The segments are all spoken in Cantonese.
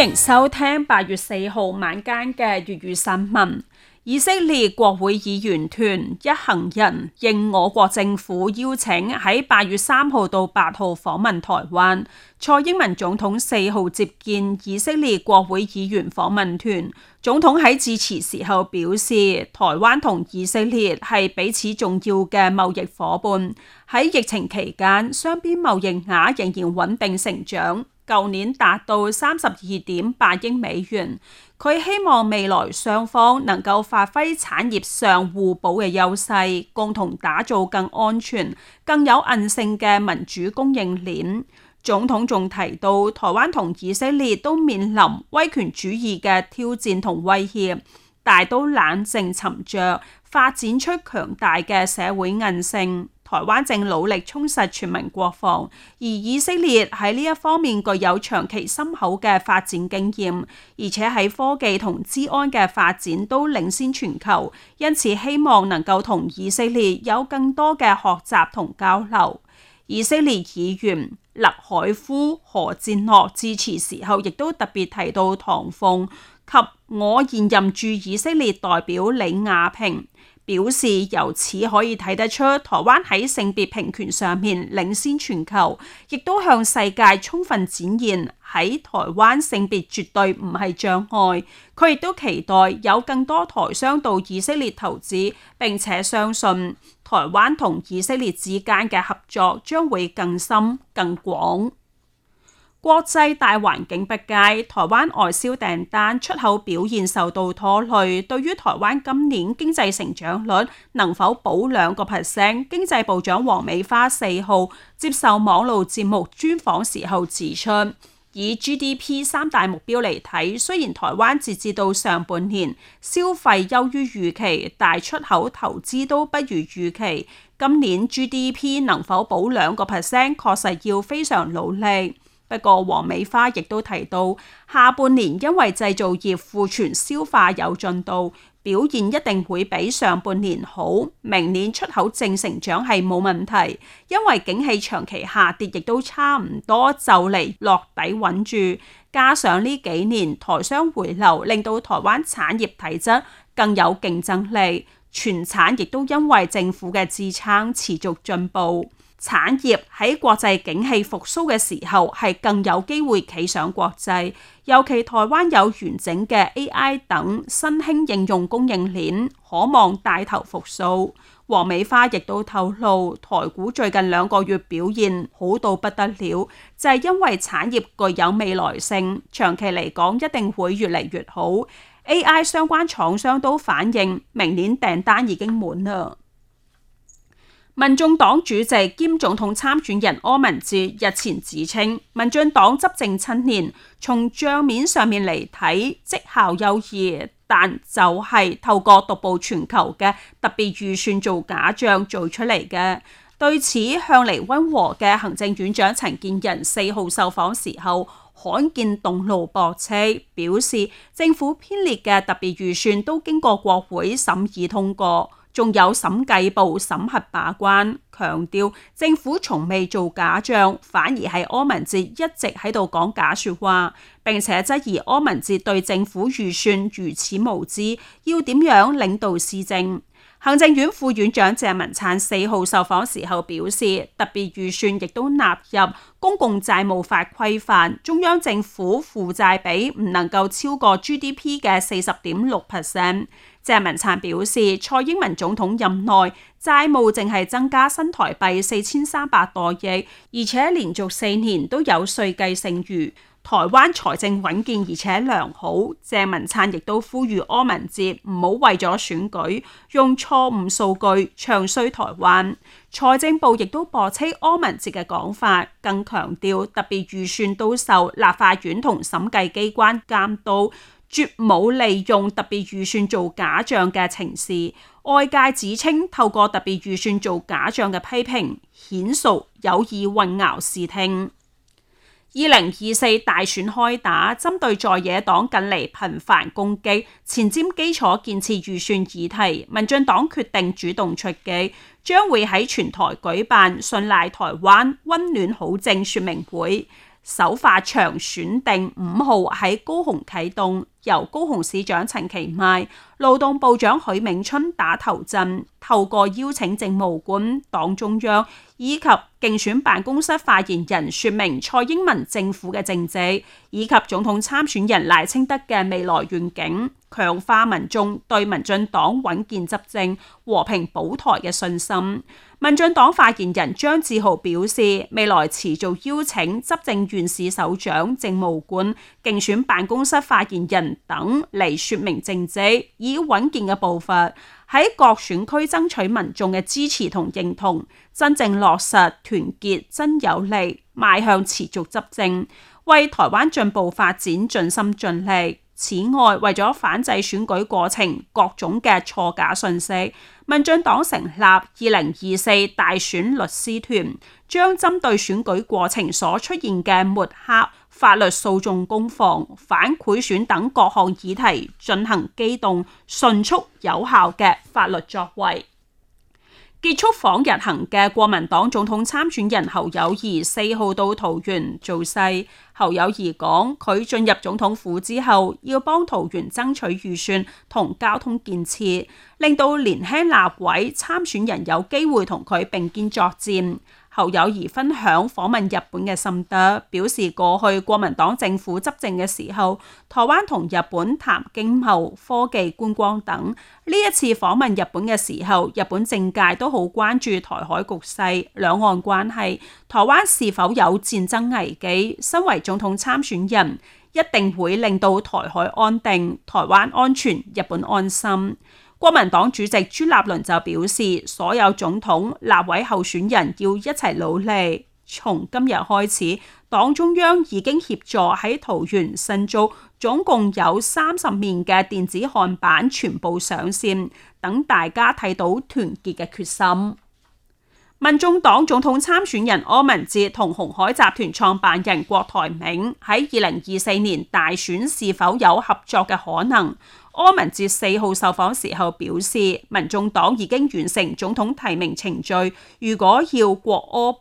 歡迎收聽八月四號晚間嘅粵語新聞。以色列國會議員團一行人應我國政府邀請，喺八月三號到八號訪問台灣。蔡英文總統四號接見以色列國會議員訪問團。總統喺致辭時候表示，台灣同以色列係彼此重要嘅貿易伙伴。喺疫情期間，雙邊貿易額仍然穩定成長。舊年達到三十二點八億美元，佢希望未來雙方能夠發揮產業上互補嘅優勢，共同打造更安全、更有韌性嘅民主供應鏈。總統仲提到，台灣同以色列都面臨威權主義嘅挑戰同威脅，但都冷靜沉著，發展出強大嘅社會韌性。台灣正努力充實全民國防，而以色列喺呢一方面具有長期深厚嘅發展經驗，而且喺科技同治安嘅發展都領先全球，因此希望能夠同以色列有更多嘅學習同交流。以色列議員勒海夫何戰諾致辭時候，亦都特別提到唐鳳及我現任駐以色列代表李亞平。表示由此可以睇得出，台灣喺性別平權上面領先全球，亦都向世界充分展現喺台灣性別絕對唔係障礙，佢亦都期待有更多台商到以色列投資，並且相信台灣同以色列之間嘅合作將會更深更廣。國際大環境不佳，台灣外銷訂單出口表現受到拖累。對於台灣今年經濟成長率能否保兩個 percent，經濟部長王美花四號接受網絡節目專訪時候指出，以 GDP 三大目標嚟睇，雖然台灣截至到上半年消費優於預期，但出口投資都不如預期，今年 GDP 能否保兩個 percent，確實要非常努力。不過王美花亦都提到，下半年因為製造業庫存消化有進度，表現一定會比上半年好。明年出口正成長係冇問題，因為景氣長期下跌亦都差唔多就嚟落底穩住，加上呢幾年台商回流，令到台灣產業體質更有競爭力，全產亦都因為政府嘅支撐持續進步。產業喺國際景氣復甦嘅時候係更有機會企上國際，尤其台灣有完整嘅 AI 等新興應用供應鏈，可望帶頭復甦。王美花亦都透露，台股最近兩個月表現好到不得了，就係、是、因為產業具有未來性，長期嚟講一定會越嚟越好。AI 相關廠商都反映，明年訂單已經滿啦。民眾黨主席兼總統參選人柯文哲日前指稱，民進黨執政七年，從賬面上面嚟睇績效優異，但就係透過獨步全球嘅特別預算做假賬做出嚟嘅。對此，向嚟溫和嘅行政院長陳建仁四號受訪時候，罕見動怒駁斥，表示政府編列嘅特別預算都經過國會審議通過。仲有審計部審核把關，強調政府從未做假賬，反而係柯文哲一直喺度講假說話，並且質疑柯文哲對政府預算如此無知，要點樣領導市政？行政院副院長鄭文燦四號受訪時候表示，特別預算亦都納入公共債務法規範，中央政府負債比唔能夠超過 GDP 嘅四十點六 percent。鄭文燦表示，蔡英文總統任內債務淨係增加新台幣四千三百多億，而且連續四年都有歲計剩餘。台灣財政穩健而且良好，鄭文燦亦都呼籲柯文哲唔好為咗選舉用錯誤數據唱衰台灣。財政部亦都駁斥柯文哲嘅講法，更強調特別預算都受立法院同審計機關監督，絕冇利用特別預算做假帳嘅情事。外界指稱透過特別預算做假帳嘅批評，顯屬有意混淆視聽。二零二四大選開打，針對在野黨近嚟頻繁攻擊前瞻基礎建設預算議題，民進黨決定主動出擊，將會喺全台舉辦信賴台灣溫暖好政說明會。首發場選定五號喺高雄啟動，由高雄市長陳其邁、勞動部長許銘春打頭陣，透過邀請政務官、黨中央以及競選辦公室發言人，説明蔡英文政府嘅政績，以及總統參選人賴清德嘅未來願景，強化民眾對民進黨穩健執政、和平保台嘅信心。民進黨發言人張志豪表示，未來持續邀請執政縣市首長、政務官、競選辦公室發言人等嚟說明政績，以穩健嘅步伐喺各選區爭取民眾嘅支持同認同，真正落實團結真有力，邁向持續執政，為台灣進步發展盡心盡力。此外，為咗反制選舉過程各種嘅錯假訊息，民進黨成立二零二四大選律師團，將針對選舉過程所出現嘅抹黑、法律訴訟、攻防、反賄選等各項議題，進行機動、迅速、有效嘅法律作為。結束訪日行嘅國民黨總統參選人侯友宜四號到桃園造勢。侯友宜講，佢進入總統府之後，要幫桃園爭取預算同交通建設，令到年輕立委參選人有機會同佢並肩作戰。侯友宜分享訪問日本嘅心得，表示過去國民黨政府執政嘅時候，台灣同日本談經貿、科技、觀光等。呢一次訪問日本嘅時候，日本政界都好關注台海局勢、兩岸關係，台灣是否有戰爭危機。身為總統參選人，一定會令到台海安定、台灣安全、日本安心。國民黨主席朱立倫就表示，所有總統、立委候選人要一齊努力。從今日開始，黨中央已經協助喺桃園新竹，總共有三十面嘅電子看板全部上線，等大家睇到團結嘅決心。民眾黨總統參選人柯文哲同鴻海集團創辦人郭台銘喺二零二四年大選是否有合作嘅可能？柯文哲四號受訪時候表示，民眾黨已經完成總統提名程序。如果要郭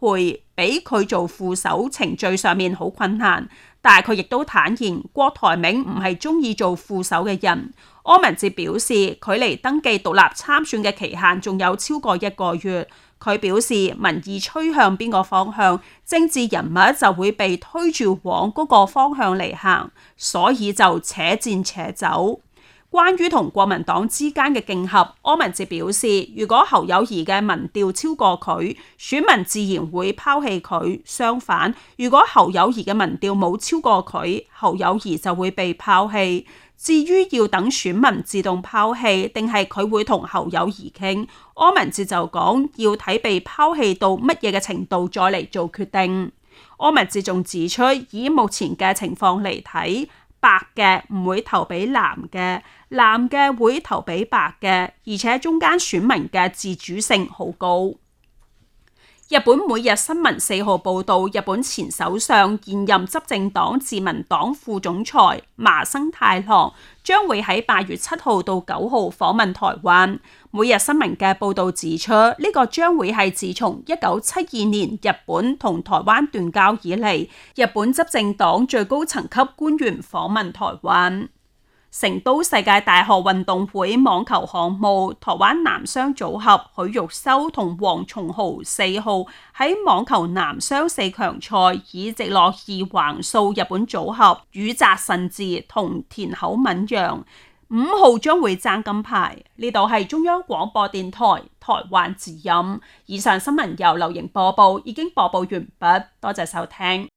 柯配俾佢做副手，程序上面好困難。但係佢亦都坦言，郭台銘唔係中意做副手嘅人。柯文哲表示，距離登記獨立參選嘅期限仲有超過一個月。佢表示，民意趨向邊個方向，政治人物就會被推住往嗰個方向嚟行，所以就且戰且走。關於同國民黨之間嘅競合，柯文哲表示：如果侯友宜嘅民調超過佢，選民自然會拋棄佢；相反，如果侯友宜嘅民調冇超過佢，侯友宜就會被拋棄。至於要等選民自動拋棄，定係佢會同侯友宜傾？柯文哲就講：要睇被拋棄到乜嘢嘅程度，再嚟做決定。柯文哲仲指出，以目前嘅情況嚟睇，白嘅唔會投俾藍嘅，藍嘅會投俾白嘅，而且中間選民嘅自主性好高。日本每日新聞四號報導，日本前首相、現任執政黨自民黨副總裁麻生太郎將會喺八月七號到九號訪問台灣。每日新聞嘅報導指出，呢個將會係自從一九七二年日本同台灣斷交以嚟，日本執政黨最高層級官員訪問台灣。成都世界大學運動會網球項目，台灣男雙組合許育修同黃松豪四號喺網球男雙四強賽以直落二橫掃日本組合宇澤慎志同田口敏洋，五號將會爭金牌。呢度係中央廣播電台台灣之音，以上新聞由劉瑩播報，已經播報完畢，多謝收聽。